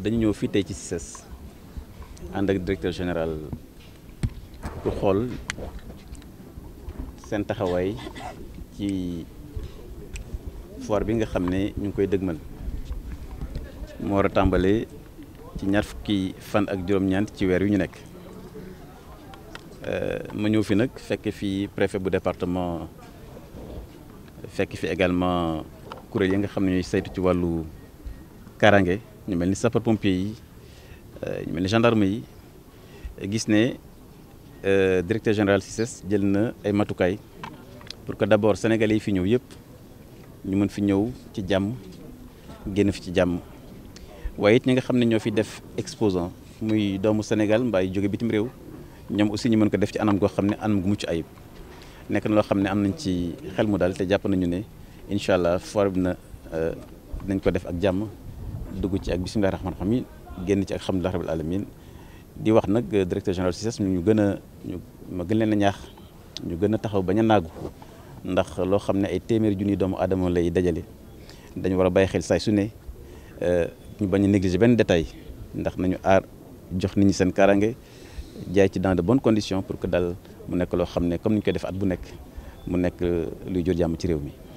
dañu ñëw fii tey ci CICES e ànd ak directeur général pour xool seen taxawaay ci foire bi nga xam ne ñu ngi koy dëgmal mu war a tàmbalee ci ñaar fukki fan ak juróom-ñeent ci weer yu ñu nekk euh, ma ñëw fi nag fekk fi préfet bu département fekk fi également kuréel yi nga xam ne ñooy saytu ci wàllu karange ñu mel ni sapeur pompier yi euh, ñu mel ni gendarme yi gis ne euh, directeur général CICES jël na ay matukaay pour que d'abord sénégalais yi fi ñëw yëpp ñu mën fi ñëw ci jàmm génn fi ci jàmm waaye it ñi nga xam ne ñoo fi def exposant muy doomu Sénégal mbaay jóge bitim réew ñoom aussi ñu mën ko def ci anam goo xam ne anam gu mucc ayib nekk na loo xam ne am nañ ci xel mu daal te jàpp nañu ne incha allah foire bi na dinañ euh, ko def ak jàmm dugg ci ak bisimilah rahmaani rahiim génn ci ak alhamdulilah rabil alamin di wax nag euh, directeur général CICES ñu gën a ñu ma leen na ñaax ñu gën a taxaw bañ a naagu ndax loo xam ne ay téeméeri junni doomu aadama lay dajale dañu war a bàyyi xel saay su ne euh, ñu bañ a benn détail ndax nañu aar jox nit ñi seen kaaraange jaay ci dans de bonnes conditions pour que daal mu nekk loo xam ne comme ni ñu koy def at bu nekk mu nekk euh, luy jur jàmm ci réew mi.